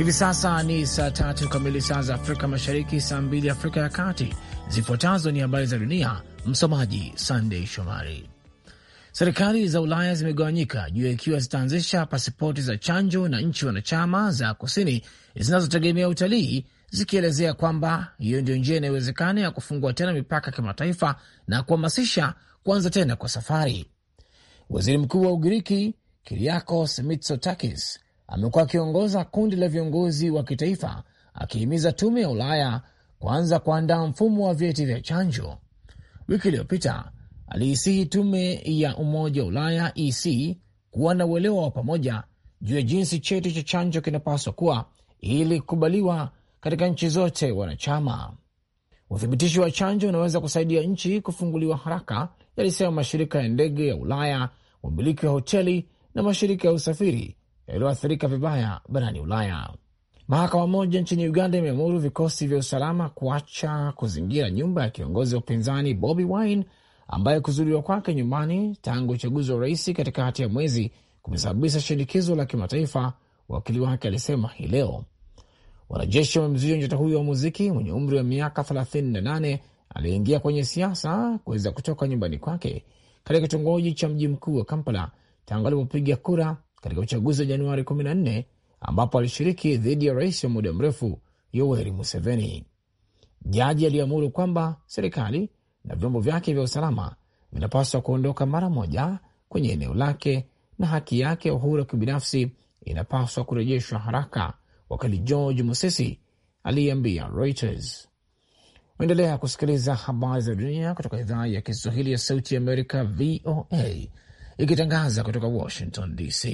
Hivi sasa ni saa tatu kamili, saa za Afrika Mashariki, saa mbili Afrika ya Kati. Zifuatazo ni habari za dunia, msomaji Sandey Shomari. Serikali za Ulaya zimegawanyika juu ya ikiwa zitaanzisha pasipoti za chanjo na nchi wanachama za kusini zinazotegemea utalii, zikielezea kwamba hiyo ndiyo njia inayowezekana ya kufungua tena mipaka ya kimataifa na kuhamasisha kuanza tena kwa safari. Waziri Mkuu wa Ugiriki Kiriakos Mitsotakis amekuwa akiongoza kundi la viongozi wa kitaifa akihimiza tume ya Ulaya kuanza kuandaa mfumo wa vyeti vya chanjo. Wiki iliyopita aliisihi tume ya Umoja wa Ulaya EC kuwa na uelewa wa pamoja juu ya jinsi cheti cha chanjo kinapaswa kuwa ili kukubaliwa katika nchi zote wanachama. uthibitishi wa chanjo unaweza kusaidia nchi kufunguliwa haraka, yalisema mashirika ya ndege ya Ulaya, wamiliki wa hoteli na mashirika ya usafiri yaliyoathirika vibaya barani Ulaya. Mahakama moja nchini Uganda imeamuru vikosi vya usalama kuacha kuzingira nyumba ya kiongozi wa upinzani Bobi Wine ambaye kuzuliwa kwake nyumbani tangu uchaguzi wa urais katikati ya mwezi kumesababisha shinikizo la kimataifa, wakili wake alisema hii leo. Wanajeshi wamemzuia nyota huyo wa muziki mwenye umri wa miaka 38 aliyeingia kwenye siasa kuweza kutoka nyumbani kwake katika kitongoji cha mji mkuu wa Kampala tangu alipopiga kura katika uchaguzi wa Januari 14 ambapo alishiriki dhidi ya rais wa muda mrefu Yoweri Museveni. Jaji aliamuru kwamba serikali na vyombo vyake vya usalama vinapaswa kuondoka mara moja kwenye eneo lake na haki yake ya uhuru wa kibinafsi inapaswa kurejeshwa haraka, wakili George Musisi aliyeambia Reuters. Endelea kusikiliza habari za dunia kutoka idhaa ya Kiswahili ya Sauti ya Amerika, VOA ikitangaza kutoka Washington DC.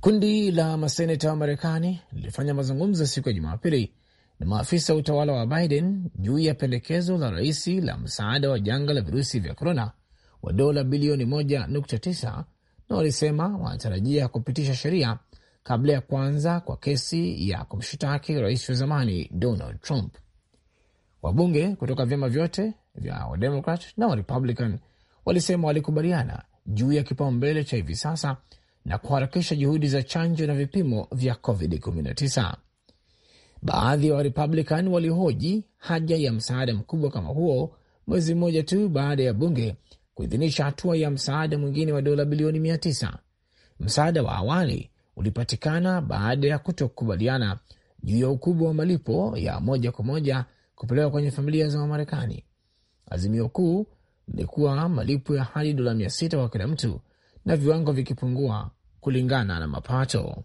Kundi la maseneta wa Marekani lilifanya mazungumzo siku ya Jumapili na maafisa wa utawala wa Biden juu ya pendekezo la raisi la msaada wa janga la virusi vya korona wa dola bilioni 1.9 na walisema wanatarajia kupitisha sheria kabla ya kwanza kwa kesi ya kumshtaki rais wa zamani Donald Trump. Wabunge kutoka vyama vyote vya Wademokrat na Warepublican walisema walikubaliana juu ya kipaumbele cha hivi sasa na kuharakisha juhudi za chanjo na vipimo vya COVID-19. Baadhi ya wa Warepublican walihoji haja ya msaada mkubwa kama huo mwezi mmoja tu baada ya bunge kuidhinisha hatua ya msaada mwingine wa dola bilioni 900. Msaada wa awali ulipatikana baada ya kutokubaliana juu ya ukubwa wa malipo ya moja kwa moja kupelekwa kwenye familia za Wamarekani. Azimio kuu ilikuwa malipo ya hadi dola mia sita kwa kila mtu na viwango vikipungua kulingana na mapato.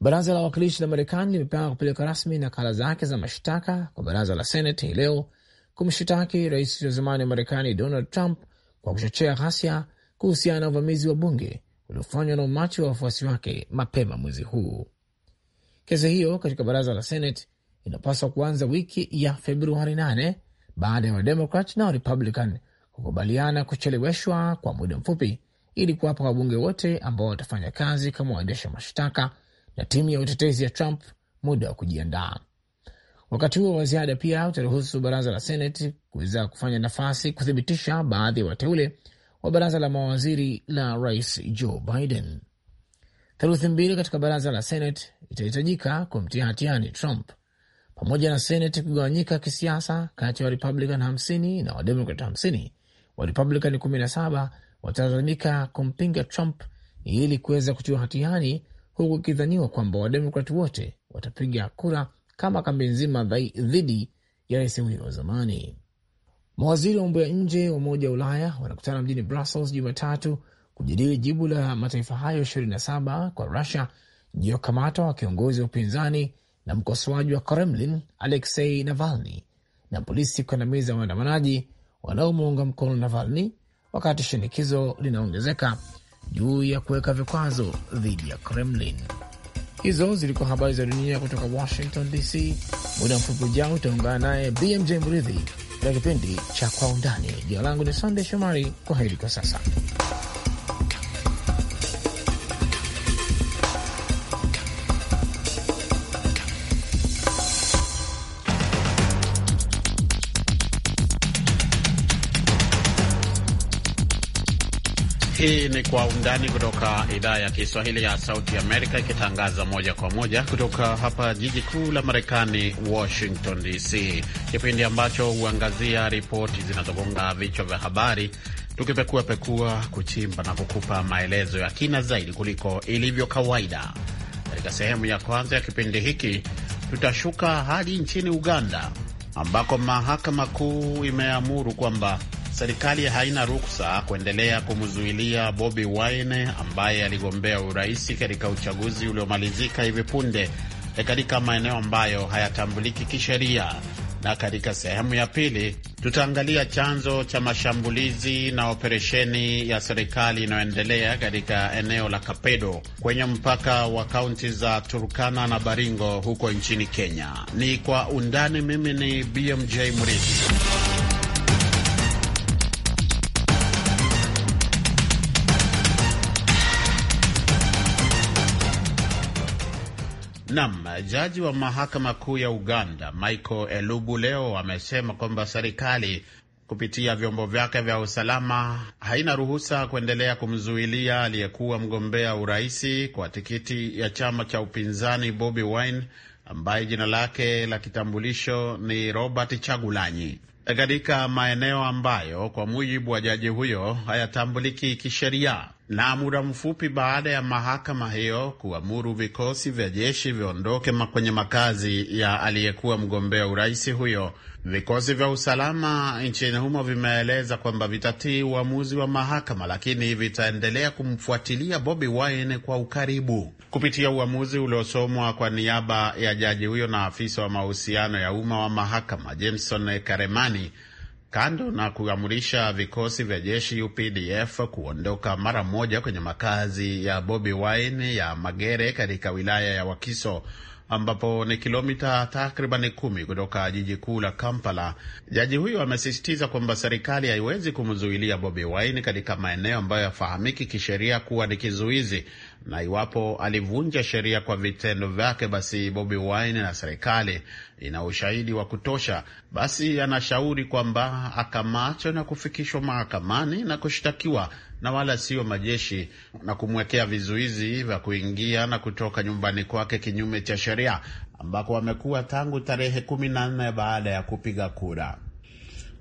Baraza la Wawakilishi la Marekani limepanga kupeleka rasmi nakala zake za mashtaka kwa baraza la Senate hii leo kumshitaki rais wa zamani wa Marekani Donald Trump kwa kuchochea ghasia kuhusiana na uvamizi wa bunge uliofanywa na umati wa wafuasi wake mapema mwezi huu. Kesi hiyo katika baraza la Senate inapaswa kuanza wiki ya Februari baada ya Wademokrat na Warepublican kukubaliana kucheleweshwa kwa muda mfupi ili kuwapa wabunge wote ambao watafanya kazi kama waendesha mashtaka na timu ya utetezi ya Trump muda wa kujiandaa. Wakati huo wa ziada pia utaruhusu baraza la senat kuweza kufanya nafasi kuthibitisha baadhi ya wateule wa baraza la mawaziri la rais Joe Biden. Theluthi mbili katika baraza la senat itahitajika kumtia hatiani Trump pamoja na Senate kugawanyika kisiasa kati ya warepublican 50 na Wademokrat 50, wa 17 watalazimika kumpinga Trump ili kuweza kutiwa hatiani, huku ikidhaniwa kwamba Wademokrat wote watapiga kura kama kambi nzima dhidi ya rais huyo wa zamani. Mawaziri wa mambo ya nje wa Umoja wa Ulaya wanakutana mjini Brussels Jumatatu kujadili jibu la mataifa hayo 27 kwa Rusia juu ya kukamatwa wa kiongozi wa upinzani na mkosoaji wa Kremlin Aleksei Navalny, na polisi kukandamiza waandamanaji wanaomuunga mkono Navalny wakati shinikizo linaongezeka juu ya kuweka vikwazo dhidi ya Kremlin. Hizo zilikuwa habari za dunia kutoka Washington DC. Muda mfupi ujao utaungana naye BMJ Mridhi katika kipindi cha Kwa Undani. Jina langu ni Sandey Shomari. Kwa heri kwa sasa. Hii ni Kwa Undani kutoka idhaa ya Kiswahili ya Sauti Amerika, ikitangaza moja kwa moja kutoka hapa jiji kuu la Marekani, Washington DC, kipindi ambacho huangazia ripoti zinazogonga vichwa vya habari, tukipekuapekua, kuchimba na kukupa maelezo ya kina zaidi kuliko ilivyo kawaida. Katika sehemu ya kwanza ya kipindi hiki, tutashuka hadi nchini Uganda ambako mahakama kuu imeamuru kwamba serikali haina ruksa kuendelea kumzuilia Bobi Wine ambaye aligombea uraisi katika uchaguzi uliomalizika hivi punde e, katika maeneo ambayo hayatambuliki kisheria. Na katika sehemu ya pili tutaangalia chanzo cha mashambulizi na operesheni ya serikali inayoendelea katika eneo la Kapedo kwenye mpaka wa kaunti za Turkana na Baringo huko nchini Kenya. Ni kwa undani. Mimi ni BMJ Murithi. Nam, jaji wa mahakama kuu ya Uganda Michael Elubu leo amesema kwamba serikali kupitia vyombo vyake vya usalama haina ruhusa kuendelea kumzuilia aliyekuwa mgombea uraisi kwa tikiti ya chama cha upinzani Bobi Wine ambaye jina lake la kitambulisho ni Robert Chagulanyi katika maeneo ambayo kwa mujibu wa jaji huyo hayatambuliki kisheria na muda mfupi baada ya mahakama hiyo kuamuru vikosi vya jeshi viondoke kwenye makazi ya aliyekuwa mgombea urais huyo, vikosi vya usalama nchini humo vimeeleza kwamba vitatii uamuzi wa mahakama, lakini vitaendelea kumfuatilia Bobi Wine kwa ukaribu. Kupitia uamuzi uliosomwa kwa niaba ya jaji huyo na afisa wa mahusiano ya umma wa mahakama Jameson Karemani Kando na kuamrisha vikosi vya jeshi UPDF kuondoka mara moja kwenye makazi ya Bobi Wine ya Magere katika wilaya ya Wakiso ambapo ni kilomita takribani kumi kutoka jiji kuu la Kampala. Jaji huyo amesisitiza kwamba serikali haiwezi kumzuilia Bobi Wine katika maeneo ambayo yafahamiki kisheria kuwa ni kizuizi, na iwapo alivunja sheria kwa vitendo vyake, basi Bobi Wine na serikali ina ushahidi wa kutosha, basi anashauri kwamba akamatwe na kufikishwa mahakamani na kushtakiwa na wala sio majeshi, na kumwekea vizuizi vya kuingia na kutoka nyumbani kwake kinyume cha sheria ambako wamekuwa tangu tarehe kumi na nne baada ya kupiga kura.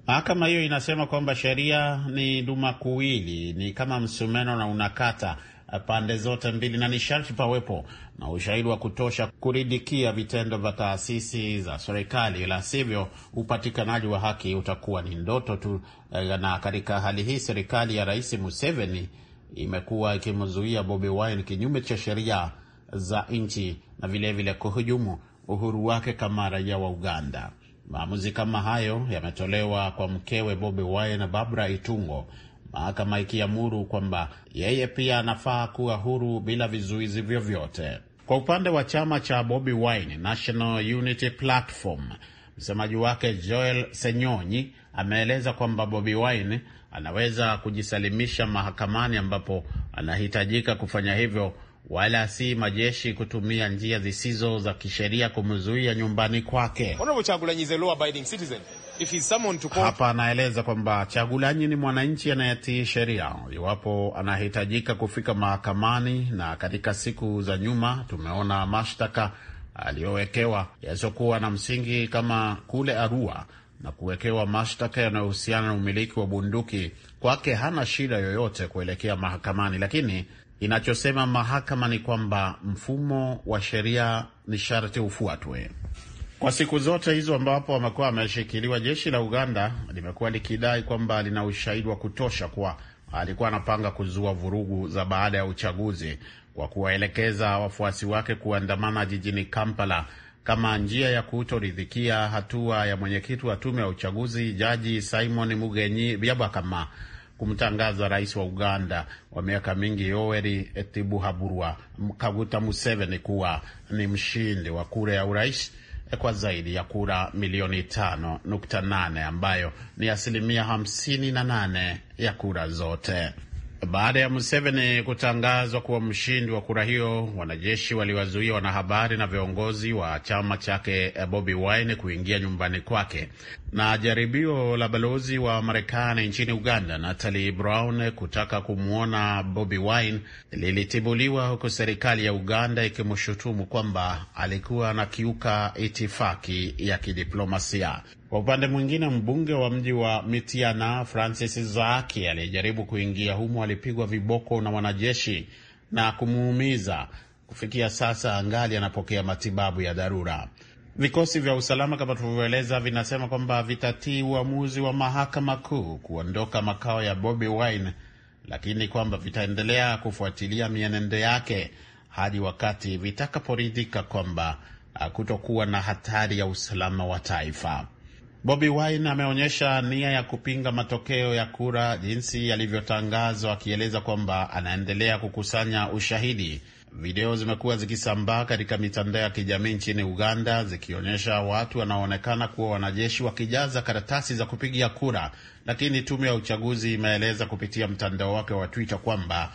Mahakama hiyo inasema kwamba sheria ni duma kuwili, ni kama msumeno na unakata Eh, pande zote mbili, na ni sharti pawepo na ushahidi wa kutosha kuridikia vitendo vya taasisi za serikali, la sivyo upatikanaji wa haki utakuwa ni ndoto tu. Eh, na katika hali hii serikali ya Rais Museveni imekuwa ikimzuia Bobi Wine kinyume cha sheria za nchi na vilevile kuhujumu uhuru wake kama raia wa Uganda. Maamuzi kama hayo yametolewa kwa mkewe Bobi Wine, Barbara Itungo, mahakama ikiamuru kwamba yeye pia anafaa kuwa huru bila vizuizi vyovyote. Kwa upande wa chama cha Bobi Wine National Unity Platform, msemaji wake Joel Senyonyi ameeleza kwamba Bobi Wine anaweza kujisalimisha mahakamani ambapo anahitajika kufanya hivyo, wala si majeshi kutumia njia zisizo za kisheria kumzuia nyumbani kwake. Hapa anaeleza kwamba Chagulanyi ni mwananchi anayetii sheria. Iwapo anahitajika kufika mahakamani, na katika siku za nyuma tumeona mashtaka aliyowekewa yasiyokuwa na msingi kama kule Arua na kuwekewa mashtaka yanayohusiana na umiliki wa bunduki. Kwake hana shida yoyote kuelekea mahakamani, lakini inachosema mahakama ni kwamba mfumo wa sheria ni sharti ufuatwe. Kwa siku zote hizo ambapo amekuwa ameshikiliwa jeshi la Uganda limekuwa likidai kwamba lina ushahidi wa kutosha kuwa alikuwa anapanga kuzua vurugu za baada ya uchaguzi kwa kuwaelekeza wafuasi wake kuandamana jijini Kampala kama njia ya kutoridhikia hatua ya mwenyekiti wa tume ya uchaguzi Jaji Simon Mugenyi Byabakama kumtangaza rais wa Uganda wa miaka mingi Yoweri Tibuhaburwa Kaguta Museveni kuwa ni mshindi wa kura ya urais kwa zaidi ya kura milioni 5.8 ambayo ni asilimia 58 ya kura zote. Baada ya Museveni kutangazwa kuwa mshindi wa kura hiyo, wanajeshi waliwazuia wanahabari na viongozi wa chama chake eh, Bobi Wine kuingia nyumbani kwake. Na jaribio la balozi wa Marekani nchini Uganda Natalie Brown kutaka kumwona Bobi Wine lilitibuliwa huku serikali ya Uganda ikimshutumu kwamba alikuwa anakiuka itifaki ya kidiplomasia. Kwa upande mwingine, mbunge wa mji wa Mitiana Francis Zaaki aliyejaribu kuingia humo alipigwa viboko na wanajeshi na kumuumiza. Kufikia sasa angali anapokea matibabu ya dharura. Vikosi vya usalama kama tulivyoeleza, vinasema kwamba vitatii uamuzi wa mahakama kuu kuondoka makao ya Bobi Wine, lakini kwamba vitaendelea kufuatilia mienendo yake hadi wakati vitakaporidhika kwamba kutokuwa na hatari ya usalama wa taifa. Bobi Wine ameonyesha nia ya kupinga matokeo ya kura jinsi yalivyotangazwa, akieleza kwamba anaendelea kukusanya ushahidi. Video zimekuwa zikisambaa katika mitandao ya kijamii nchini Uganda zikionyesha watu wanaoonekana kuwa wanajeshi wakijaza karatasi za kupigia kura, lakini tume ya uchaguzi imeeleza kupitia mtandao wake wa Twitter kwamba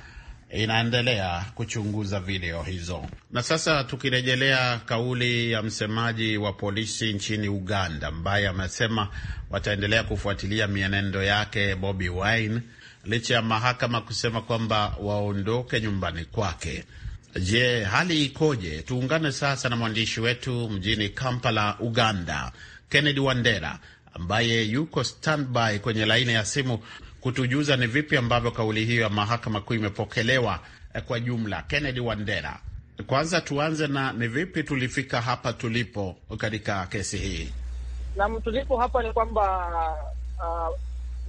inaendelea kuchunguza video hizo. Na sasa tukirejelea kauli ya msemaji wa polisi nchini Uganda ambaye amesema wataendelea kufuatilia mienendo yake Bobi Wine licha ya mahakama kusema kwamba waondoke nyumbani kwake. Je, hali ikoje? Tuungane sasa na mwandishi wetu mjini Kampala, Uganda, Kennedy Wandera ambaye yuko standby kwenye laini ya simu kutujuza ni vipi ambavyo kauli hiyo ya mahakama kuu imepokelewa eh, kwa jumla. Kennedy Wandera, kwanza tuanze na ni vipi tulifika hapa tulipo katika kesi hii? Naam, tulipo hapa ni kwamba uh,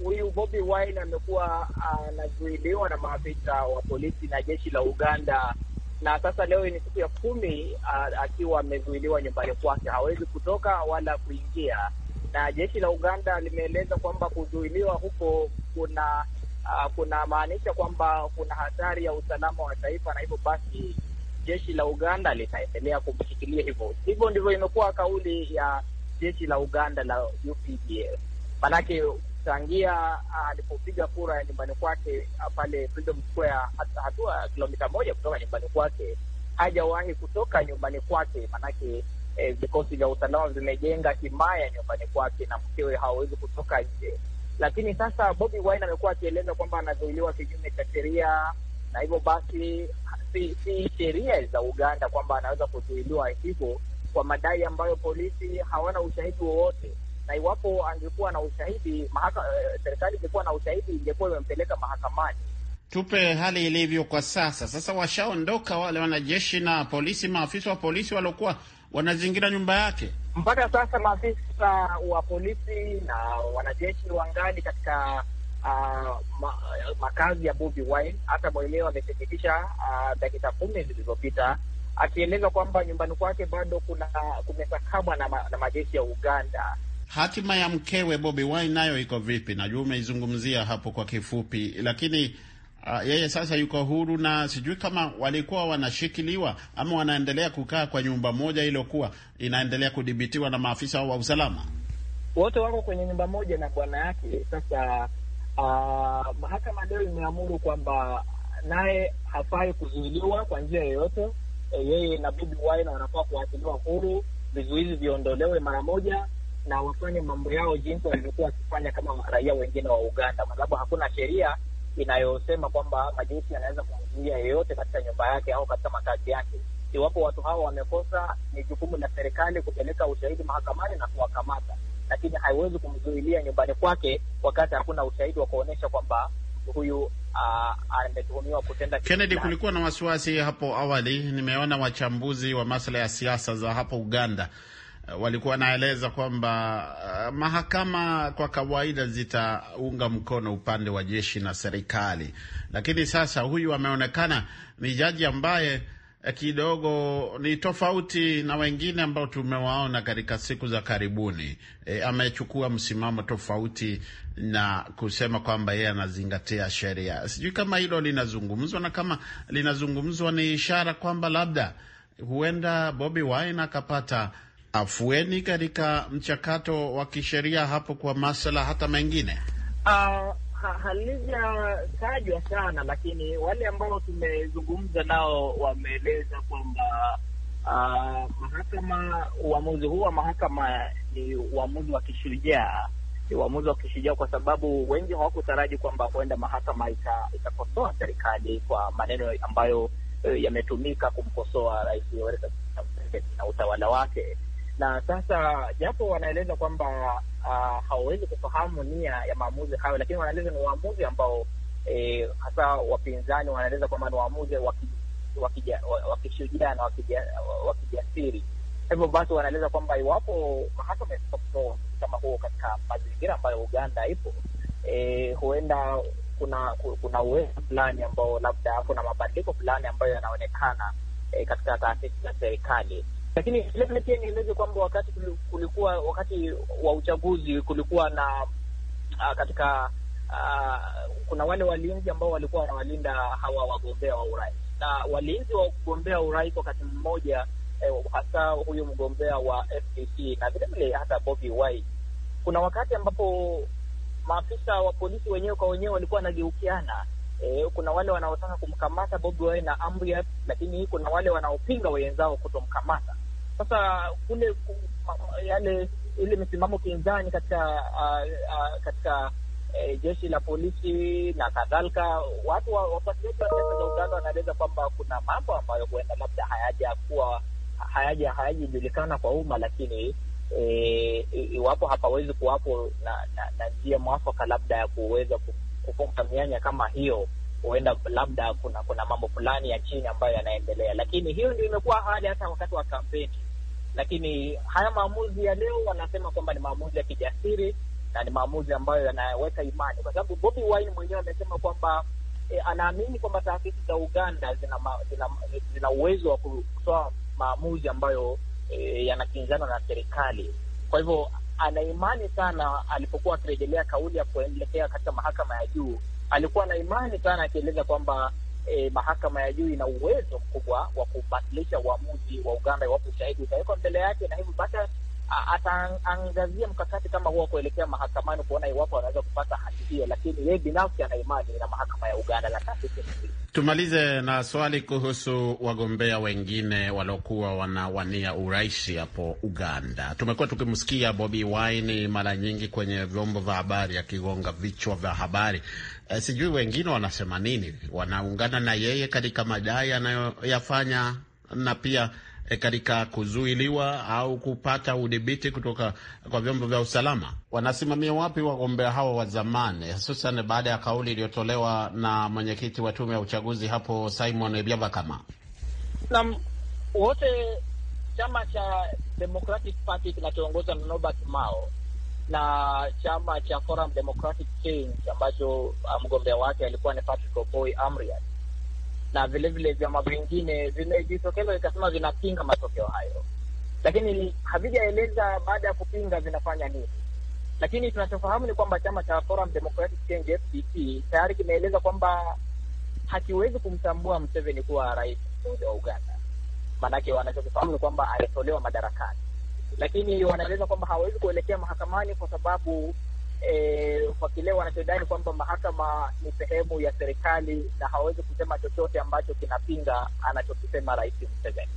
huyu uh, Bobi Wine amekuwa anazuiliwa uh, na maafisa wa polisi na jeshi la Uganda, na sasa leo ni siku ya kumi uh, akiwa amezuiliwa nyumbani kwake, hawezi kutoka wala kuingia, na jeshi la Uganda limeeleza kwamba kuzuiliwa huko kuna uh, kuna maanisha kwamba kuna hatari ya usalama wa taifa, na hivyo basi jeshi la Uganda litaendelea kumshikilia hivyo. Hivyo ndivyo imekuwa kauli ya jeshi la Uganda la UPDF, maanake tangia ah, alipopiga kura ya nyumbani kwake ah, pale Freedom Square, hata hatua kilomita moja kutoka nyumbani kwake, hajawahi kutoka nyumbani kwake, maanake eh, vikosi eh, vya usalama vimejenga himaya nyumbani kwake na mkewe hawawezi kutoka nje. Lakini sasa Bobi Wine amekuwa akieleza kwamba anazuiliwa kinyume cha sheria, na hivyo basi si, si sheria za Uganda kwamba anaweza kuzuiliwa hivyo kwa madai ambayo polisi hawana ushahidi wowote, na iwapo angekuwa na ushahidi mahaka, eh, serikali ingekuwa na ushahidi ingekuwa imempeleka mahakamani. Tupe hali ilivyo kwa sasa. Sasa washaondoka wale wanajeshi na polisi, maafisa wa polisi waliokuwa wanazingira nyumba yake. Mpaka sasa maafisa wa polisi na wanajeshi wangali katika uh, ma, makazi ya Bobi Wine. Hata mwenyewe amethibitisha ah, dakika uh, kumi zilizopita akieleza kwamba nyumbani kwake bado kuna kumesakamwa na, ma, na majeshi ya Uganda. Hatima ya mkewe Bobi Wine nayo iko vipi? Najua umeizungumzia hapo kwa kifupi, lakini uh, yeye sasa yuko huru, na sijui kama walikuwa wanashikiliwa ama wanaendelea kukaa kwa nyumba moja iliyokuwa inaendelea kudhibitiwa na maafisa wa usalama. Wote wako kwenye nyumba moja na bwana yake. Sasa uh, mahakama leo imeamuru kwamba naye hafai kuzuiliwa kwa njia yoyote. E, yeye na bibi Waila wanafaa kuachiliwa huru, vizuizi viondolewe mara moja na wafanye mambo yao jinsi walivyokuwa wakifanya kama raia wengine wa Uganda, kwa sababu hakuna sheria inayosema kwamba majeshi yanaweza kumzuia yeyote katika nyumba yake au katika makazi yake. Iwapo watu hawa wamekosa, ni jukumu la serikali kupeleka ushahidi mahakamani na kuwakamata, lakini haiwezi kumzuilia nyumbani kwake wakati hakuna ushahidi wa kuonyesha kwamba huyu ametuhumiwa kutenda. Kennedy, kulikuwa na wasiwasi hapo awali, nimeona wachambuzi wa masuala ya siasa za hapo Uganda Eh, walikuwa wanaeleza kwamba uh, mahakama kwa kawaida zitaunga mkono upande wa jeshi na serikali, lakini sasa huyu ameonekana ni jaji ambaye eh, kidogo ni tofauti na wengine ambao tumewaona katika siku za karibuni. E, amechukua msimamo tofauti na kusema kwamba yeye anazingatia sheria. Sijui kama hilo linazungumzwa na kama linazungumzwa ni ishara kwamba labda huenda Bobi Wine akapata afueni katika mchakato wa kisheria hapo kwa masuala hata mengine? Uh, halijatajwa sana, lakini wale ambao tumezungumza nao wameeleza kwamba uh, mahakama, uamuzi huu wa mahakama ni uamuzi wa kishujaa ni uamuzi wa kishujaa kwa sababu wengi hawakutaraji kwamba huenda mahakama itakosoa ita serikali kwa maneno ambayo eh, yametumika kumkosoa Rais Yoweri Museveni na utawala wake na sasa, japo wanaeleza kwamba uh, hawawezi kufahamu nia ya maamuzi hayo, lakini wanaeleza ni waamuzi ambao e, hasa wapinzani wanaeleza kwamba ni waamuzi wakishujaa na wakijasiri. Hivyo basi, wanaeleza kwamba iwapo mahakama itatoa kama huo katika mazingira ambayo Uganda ipo e, huenda kuna kuna uwezo fulani ambao labda kuna mabadiliko fulani ambayo yanaonekana e, katika taasisi za serikali lakini vilevile pia nieleze kwamba wakati kulikuwa wakati wa uchaguzi kulikuwa na uh, katika uh, kuna wale walinzi ambao walikuwa wanawalinda hawa wagombea wa urais na walinzi wa kugombea urais wakati mmoja eh, hasa huyu mgombea wa FDC na vilevile hata Bobi Wine. Kuna wakati ambapo maafisa wa polisi wenyewe kwa wenyewe walikuwa wanageukiana. E, kuna wale wanaotaka kumkamata Bobi Wine na amri, lakini kuna wale wanaopinga wenzao kutomkamata. Sasa kule yale ile misimamo kinzani katika uh, uh, katika uh, jeshi la polisi na kadhalika, watu wafuatiliaji wa siasa za Uganda wanaeleza kwamba kuna mambo ambayo huenda labda hayajakuwa hayaja hayajajulikana kwa umma, lakini e, iwapo e, hapawezi kuwapo na, na, na njia mwafaka labda ya kuweza kufunga mianya kama hiyo, huenda labda kuna kuna mambo fulani ya chini ambayo yanaendelea, lakini hiyo ndio imekuwa hali hata wakati wa kampeni lakini haya maamuzi ya leo wanasema kwamba ni maamuzi ya kijasiri na ni maamuzi ambayo yanaweka imani, kwa sababu Bobi Wine mwenyewe amesema kwamba e, anaamini kwamba taasisi za Uganda zina, ma, zina, zina uwezo wa kutoa maamuzi ambayo e, yanakinzana na serikali. Kwa hivyo anaimani sana, alipokuwa akirejelea kauli ya kuelekea katika mahakama ya juu, alikuwa na imani sana akieleza kwamba eh, mahakama ya juu ina uwezo mkubwa wa kubatilisha uamuzi wa Uganda iwapo ushahidi utawekwa mbele yake, na hivyo basi ataangazia mkakati kama huo kuelekea mahakamani kuona iwapo anaweza kupata hati hiyo, lakini yeye binafsi ana imani na mahakama ya Uganda. La tatu, tumalize na swali kuhusu wagombea wengine waliokuwa wanawania uraisi hapo Uganda. Tumekuwa tukimsikia Bobi Wine mara nyingi kwenye vyombo vya habari akigonga vichwa vya habari eh, sijui wengine wanasema nini, wanaungana na yeye katika madai anayoyafanya na pia E, katika kuzuiliwa au kupata udhibiti kutoka kwa vyombo vya usalama. Wanasimamia wapi wagombea hao wa zamani, hususan baada ya kauli iliyotolewa na mwenyekiti wa tume ya uchaguzi hapo Simon Byabakama? Naam, wote chama cha Democratic Party kinachoongozwa na Norbert Mao na chama cha Forum Democratic Change ambacho uh, mgombea wake alikuwa ni Patrick Oboi Amriat, na vilevile vyama vingine vimejitokeza vikasema vinapinga matokeo hayo, lakini havijaeleza baada ya kupinga vinafanya nini. Lakini tunachofahamu ni kwamba chama cha Forum Democratic Change FDC tayari kimeeleza kwamba hakiwezi kumtambua Mseveni kuwa rais mmoja wa Uganda, maanake wanachokifahamu ni kwamba alitolewa madarakani lakini wanaeleza kwamba hawawezi kuelekea mahakamani kwa sababu eh, kwa kile wanachodai kwamba mahakama ni sehemu ya serikali na hawawezi kusema chochote ambacho kinapinga anachokisema Rais Museveni.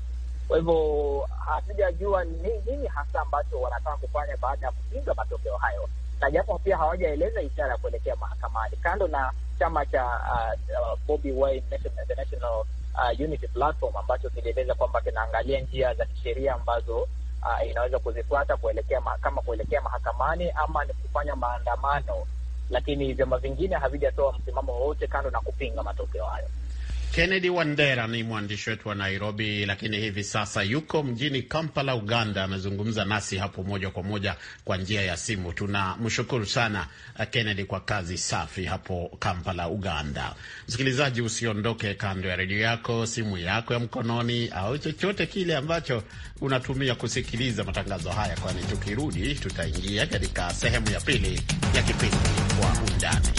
Kwa hivyo hatujajua ni nini hasa ambacho wanataka kufanya baada ya kupinga matokeo hayo, na japo pia hawajaeleza ishara ya kuelekea mahakamani, kando na chama cha uh, uh Bobi Wine National, National uh, Unity Platform ambacho kilieleza kwamba kinaangalia njia za kisheria ambazo uh, inaweza kuzifuata kuelekea kama kuelekea mahakamani ama ni kufanya maandamano, lakini vyama vingine havijatoa msimamo wowote kando na kupinga matokeo hayo. Kennedy Wandera ni mwandishi wetu wa Nairobi, lakini hivi sasa yuko mjini Kampala, Uganda. Amezungumza nasi hapo moja kwa moja kwa njia ya simu. Tunamshukuru sana eh, Kennedy kwa kazi safi hapo Kampala, Uganda. Msikilizaji, usiondoke kando ya redio yako, simu yako ya mkononi, au chochote kile ambacho unatumia kusikiliza matangazo haya, kwani tukirudi tutaingia katika sehemu ya pili ya kipindi kwa undani.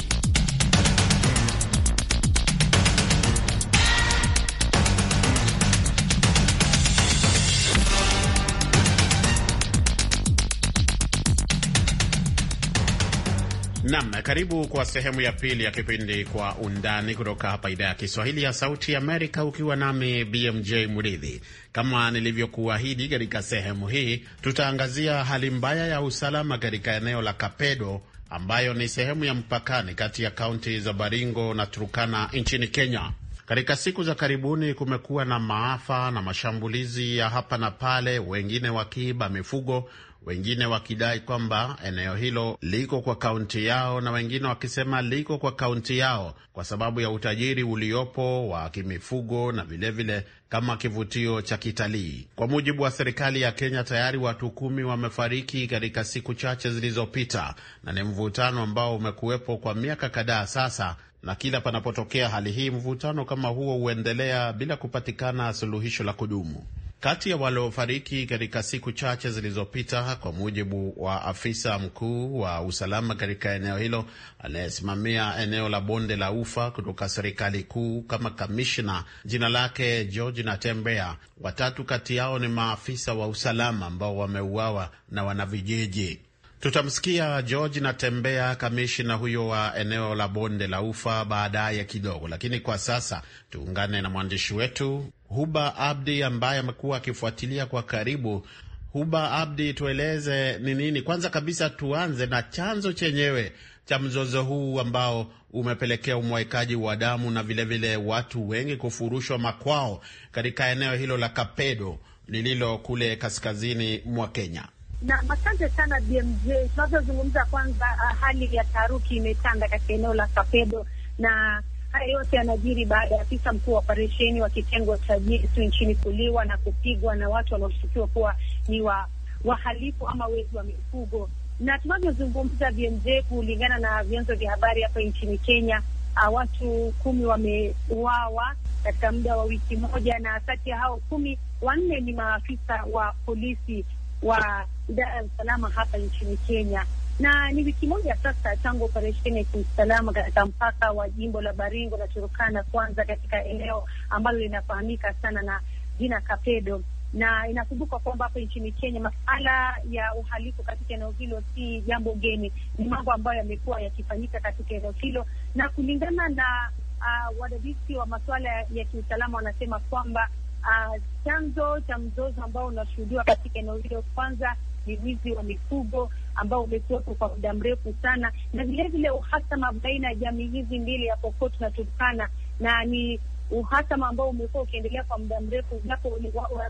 Nam, karibu kwa sehemu ya pili ya kipindi Kwa Undani kutoka hapa idhaa ya Kiswahili ya Sauti Amerika, ukiwa nami BMJ Muridhi. Kama nilivyokuahidi, katika sehemu hii tutaangazia hali mbaya ya usalama katika eneo la Kapedo ambayo ni sehemu ya mpakani kati ya kaunti za Baringo na Turukana nchini Kenya. Katika siku za karibuni kumekuwa na maafa na mashambulizi ya hapa na pale, wengine wakiiba mifugo wengine wakidai kwamba eneo hilo liko kwa kaunti yao na wengine wakisema liko kwa kaunti yao kwa sababu ya utajiri uliopo wa kimifugo na vilevile kama kivutio cha kitalii. Kwa mujibu wa serikali ya Kenya, tayari watu kumi wamefariki katika siku chache zilizopita, na ni mvutano ambao umekuwepo kwa miaka kadhaa sasa, na kila panapotokea hali hii, mvutano kama huo huendelea bila kupatikana suluhisho la kudumu kati ya waliofariki katika siku chache zilizopita, kwa mujibu wa afisa mkuu wa usalama katika eneo hilo anayesimamia eneo la bonde la ufa kutoka serikali kuu kama kamishna, jina lake George Natembea. Watatu kati yao ni maafisa wa usalama ambao wameuawa na wanavijiji. Tutamsikia George Natembea, kamishina huyo wa eneo la bonde la ufa baadaye kidogo, lakini kwa sasa tuungane na mwandishi wetu Huba Abdi ambaye amekuwa akifuatilia kwa karibu. Huba Abdi, tueleze ni nini kwanza kabisa, tuanze na chanzo chenyewe cha mzozo huu ambao umepelekea umwaikaji wa damu na vilevile vile watu wengi kufurushwa makwao katika eneo hilo la Kapedo lililo kule kaskazini mwa Kenya. Na asante sana BMJ. Tunavyozungumza kwanza, uh, hali ya taharuki imetanda katika eneo la Kapedo na haya yote yanajiri baada ya afisa mkuu wa operesheni wa kitengo cha jesu nchini kuliwa na kupigwa na watu wanaoshukiwa kuwa ni wa wahalifu ama wezi wa mifugo. Na tunavyozungumza BMJ, kulingana na vyanzo vya habari hapa nchini Kenya, uh, watu kumi wameuawa katika muda wa wiki moja, na kati ya hao kumi, wanne ni maafisa wa polisi wa idara ya usalama hapa nchini Kenya, na ni wiki moja sasa tangu operesheni ya kiusalama katika mpaka wa jimbo la Baringo na Turukana kwanza katika eneo ambalo linafahamika sana na jina Kapedo na inakumbuka kwamba hapa nchini Kenya masuala ya uhalifu katika eneo hilo si jambo geni, ni mambo ambayo yamekuwa yakifanyika katika eneo hilo, na kulingana na uh, wadadisi wa masuala ya kiusalama wanasema kwamba Ah, chanzo cha mzozo ambao unashuhudiwa katika eneo hilo kwanza ni wizi wa mifugo ambao umekuwepo kwa muda mrefu sana, na vilevile uhasama baina ya jamii hizi mbili ya Pokot na Turkana, na ni uhasama ambao umekuwa ukiendelea kwa muda mrefu, japo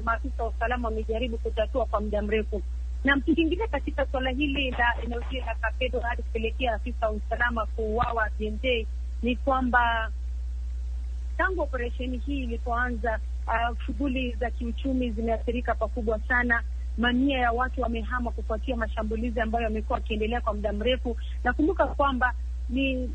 maafisa wa usalama wamejaribu kutatua kwa muda mrefu. Na mtu kingine katika suala hili la eneo hili la Kapedo hadi kupelekea afisa wa usalama kuuawa, jendei ni kwamba tangu operesheni hii ilipoanza uh, shughuli za kiuchumi zimeathirika pakubwa sana. Mamia ya watu wamehama kufuatia mashambulizi ambayo yamekuwa yakiendelea kwa muda mrefu. Nakumbuka kwamba ni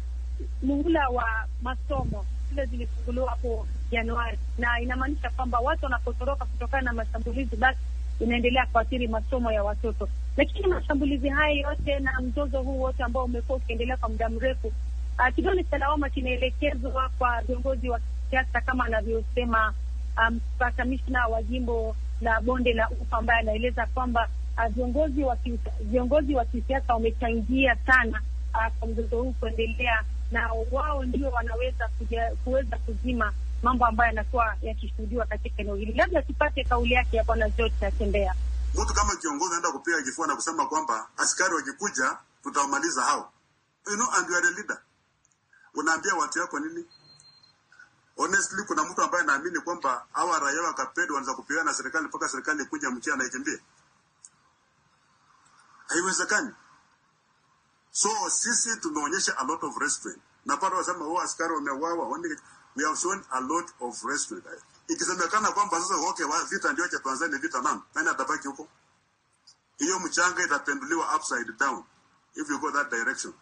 muhula wa masomo shule zilifunguliwa hapo Januari, na inamaanisha kwamba watu wanapotoroka kutokana na mashambulizi, basi inaendelea kuathiri masomo ya watoto. Lakini mashambulizi haya yote na mzozo huu wote ambao umekuwa ukiendelea kwa muda mrefu, ah, kidole cha lawama kinaelekezwa kwa viongozi wa kisiasa kama anavyosema kamishna um, wa jimbo la bonde la ufa ambaye anaeleza kwamba uh, viongozi wa viongozi wa kisiasa wamechangia sana uh, kwa mzozo huu kuendelea, na wao ndio wanaweza kuweza kuzima mambo ambayo yanakuwa yakishuhudiwa katika eneo hili. Labda tupate kauli yake ya bwana George Atembea. Mtu kama kiongozi anaenda kupiga kifua na kusema kwamba askari wakikuja tutawamaliza hao, you know, and you are leader, unaambia watu yako nini? honestly, kuna mtu ambaye anaamini kwamba hawa raia wa Kapedo wanaweza kupewa na serikali mpaka serikali kuja mchia ikimbie? Haiwezekani. So sisi tumeonyesha a lot of restraint, na pale wasema wao oh, askari wamewawa, we have shown a lot of restraint. Ikisemekana kwamba sasa okay, wa vita ndio cha Tanzania vita, nani nani atabaki huko? Hiyo mchanga itapenduliwa upside down if you go that direction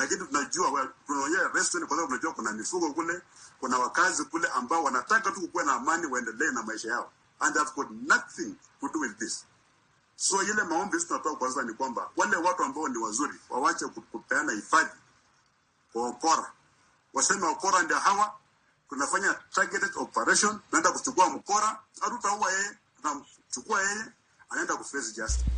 lakini tunajua tunaonyesha restraint kwa sababu tunajua kuna mifugo kule, kuna wakazi kule ambao wanataka tu kukuwa na amani, waendelee na maisha yao and have got nothing to do with this. So ile maombi tunatoa kwanza ni kwamba wale watu ambao ni wazuri wawache kupeana hifadhi kwa wakora, waseme wakora ndio hawa, tunafanya targeted operation, tunaenda kuchukua mkora, hatutaua yeye, tunamchukua yeye, anaenda kuface justice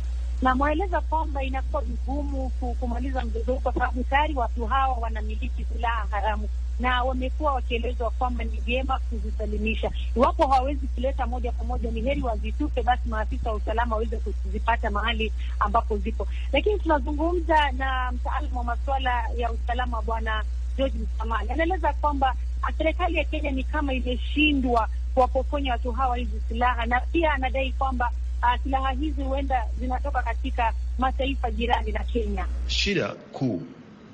namwaeleza kwamba inakuwa vigumu kumaliza mzozo huu kwa sababu tayari watu hawa wanamiliki silaha haramu na wamekuwa wakielezwa kwamba ni vyema kuzisalimisha. Iwapo hawawezi kuleta moja kwa moja, ni heri wazitupe, basi maafisa wa usalama waweze kuzipata mahali ambapo zipo. Lakini tunazungumza na mtaalamu wa masuala ya usalama Bwana George Msamali, anaeleza kwamba serikali ya Kenya ni kama imeshindwa kuwapokonya watu hawa hizi silaha, na pia anadai kwamba uh, silaha hizi huenda zinatoka katika mataifa jirani na Kenya. Shida kuu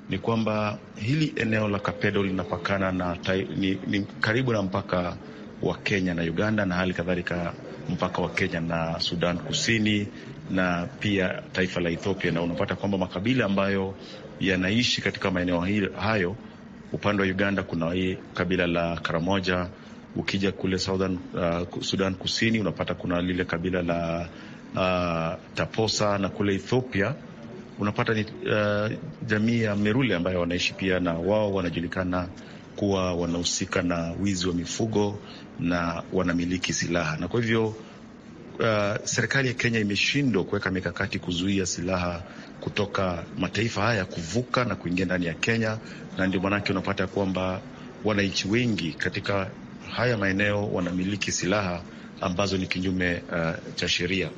ni kwamba hili eneo la Kapedo linapakana na ni, ni karibu na mpaka wa Kenya na Uganda na hali kadhalika mpaka wa Kenya na Sudan Kusini na pia taifa la Ethiopia, na unapata kwamba makabila ambayo yanaishi katika maeneo hayo, upande wa Uganda kuna hii kabila la Karamoja, Ukija kule Southern, uh, Sudan Kusini unapata kuna lile kabila la uh, Taposa na kule Ethiopia unapata ni uh, jamii ya Merule ambayo wanaishi pia na wao wanajulikana kuwa wanahusika na wizi wa mifugo na wanamiliki silaha na kwa hivyo Uh, serikali ya Kenya imeshindwa kuweka mikakati kuzuia silaha kutoka mataifa haya kuvuka na kuingia ndani ya Kenya, na ndio maanake unapata kwamba wananchi wengi katika haya maeneo wanamiliki silaha ambazo ni kinyume uh, cha sheria.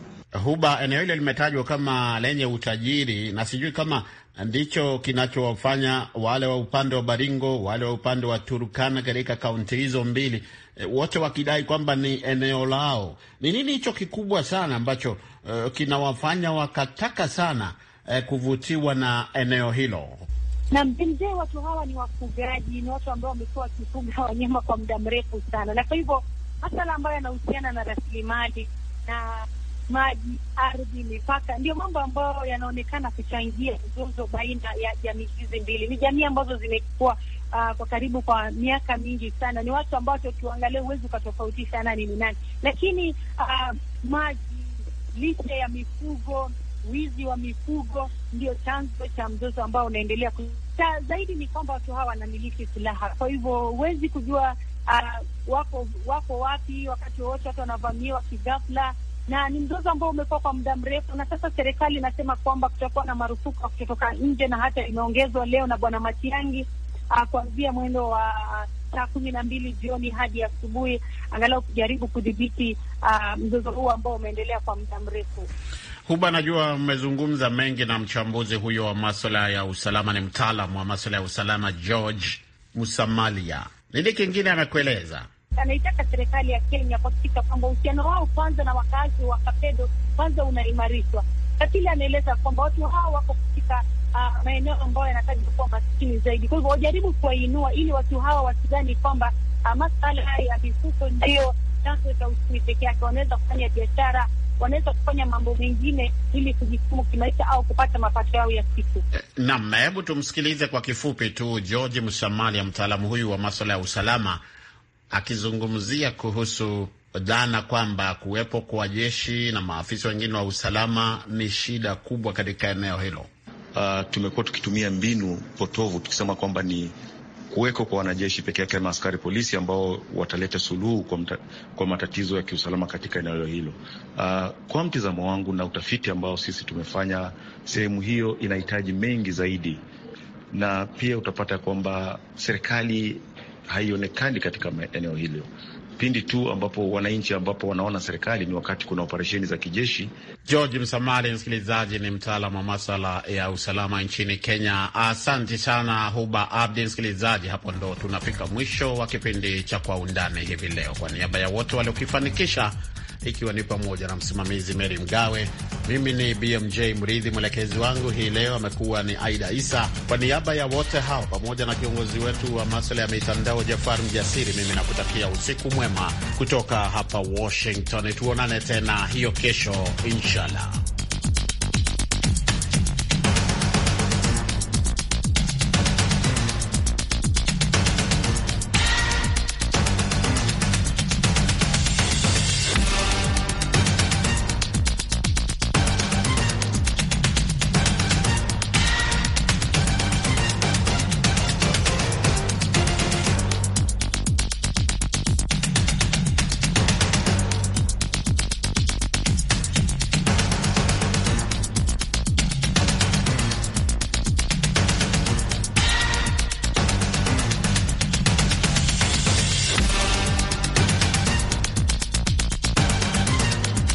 Huba, eneo hilo limetajwa kama lenye utajiri na sijui kama ndicho kinachowafanya wale wa upande wa Baringo, wale wa upande wa Turkana katika kaunti hizo mbili e, wote wakidai kwamba ni eneo lao. Ni nini hicho kikubwa sana ambacho uh, kinawafanya wakataka sana uh, kuvutiwa na eneo hilo? na mzee, watu hawa ni wafugaji, ni watu ambao wamekuwa wakifuga wanyama kwa muda mrefu sana, na kwa hivyo masala ambayo yanahusiana na rasilimali na maji, ardhi, mipaka, ndio mambo ambayo yanaonekana kuchangia mzozo baina ya jamii hizi mbili. Ni jamii ambazo zimekuwa uh, kwa karibu kwa miaka mingi sana, ni watu ambao ukiwaangalia huwezi ukatofautisha nani ni nani, lakini uh, maji, lishe ya mifugo wizi wa mifugo ndio chanzo cha mzozo ambao unaendelea ku... zaidi ni kwamba watu hawa wanamiliki silaha, kwa hivyo huwezi kujua uh, wako wako wapi wakati wowote, watu wanavamiwa kighafla, na ni mzozo ambao umekuwa kwa muda mrefu, na sasa serikali inasema kwamba kutakuwa na marufuku ya kutotoka nje, na hata imeongezwa leo na Bwana Matiang'i uh, kuanzia mwendo wa saa kumi na mbili jioni hadi asubuhi, angalau kujaribu kudhibiti uh, mzozo huu ambao umeendelea kwa muda mrefu. Huba, najua mmezungumza mengi na mchambuzi huyo wa maswala ya usalama, ni mtaalamu wa maswala ya usalama George Musamalia. Nini kingine amekueleza? Anaitaka serikali ya Kenya kuhakikisha kwamba uhusiano wao kwanza na wakazi wa Kapedo kwanza unaimarishwa. Katili anaeleza kwamba watu hao wako katika uh, maeneo ambayo yanataja kuwa maskini zaidi, kwa hivyo wajaribu kuwainua ili watu hawa wasidhani kwamba uh, ah, masala ya mifuko ndio chanzo cha uchumi peke yake. Wanaweza kufanya biashara wanaweza kufanya mambo mengine ili kujikimu kimaisha au kupata mapato yao ya siku. Naam, hebu tumsikilize kwa kifupi tu George Mshamali, mtaalamu huyu wa maswala ya usalama, akizungumzia kuhusu dhana kwamba kuwepo kwa jeshi na maafisa wengine wa usalama ni shida kubwa katika eneo hilo. Uh, tumekuwa tukitumia mbinu potovu tukisema kwamba ni kuweko kwa wanajeshi peke yake ama askari polisi ambao wataleta suluhu kwa, mta, kwa matatizo ya kiusalama katika eneo hilo. Uh, kwa mtizamo wangu na utafiti ambao sisi tumefanya, sehemu hiyo inahitaji mengi zaidi, na pia utapata kwamba serikali haionekani katika eneo hilo pindi tu ambapo wananchi ambapo wanaona serikali ni wakati kuna operesheni za kijeshi. George Msamali, msikilizaji, ni mtaalam wa maswala ya usalama nchini Kenya. Asante sana Huba Abdi. Msikilizaji, hapo ndo tunafika mwisho wa kipindi cha Kwa Undani hivi leo. Kwa niaba ya wote waliokifanikisha ikiwa ni pamoja na msimamizi Meri Mgawe. Mimi ni BMJ Mridhi, mwelekezi wangu hii leo amekuwa ni Aida Isa. Kwa niaba ya wote hao pamoja na kiongozi wetu wa maswala ya mitandao Jafar Mjasiri, mimi nakutakia usiku mwema kutoka hapa Washington. Tuonane tena hiyo kesho, inshallah.